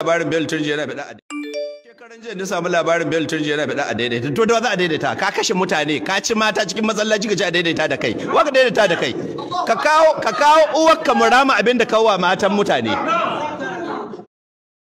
labarin Bello Turji na faɗa a shekaran jiya na samu labarin Bello Turji na faɗa a daidaita to da za a daidaita ka kashe mutane ka ci mata cikin masallaci ka ci a daidaita da kai wa ka daidaita da kai ka kawo ka kawo uwar ka murama abin da kawo matan mutane